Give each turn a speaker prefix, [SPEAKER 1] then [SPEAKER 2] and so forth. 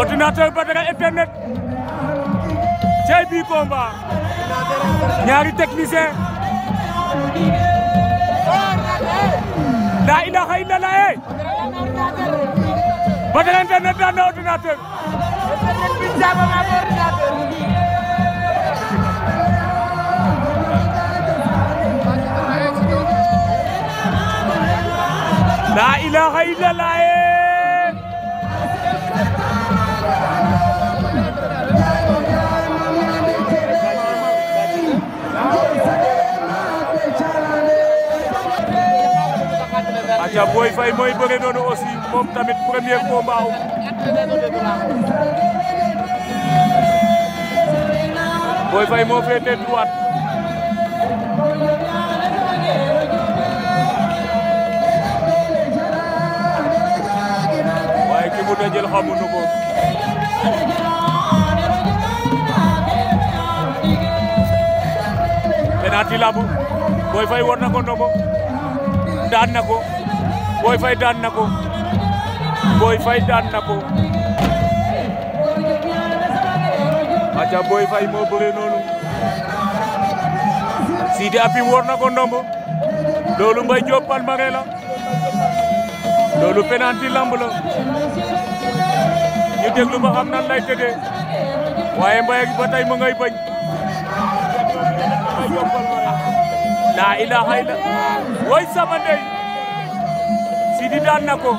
[SPEAKER 1] ordinateur ba internet cey bi combat ñaari technicien la ilaha illallah eh ba internet daan na ordinateur la ilaha illallah eh aca Boy Faye mooy bëre noonu moom tamit premier combat wu Boy Faye moo féete droite waaye ki mu dajel xamuñu ko penalty la bu Boy Faye war na ko ndogo daan na ko Boy Faye daan na ko Boy Faye daan na ko aca Boy Faye moo bëre noonu Sidi Apim war loolu Mbaye Diop Palmarin la loolu penalty lamb la ñu déglu ba xam nan lay tëddee waaye Mbaye ba tey ma ngay bañ laa ilaaha illa way sama Sidi daan na ko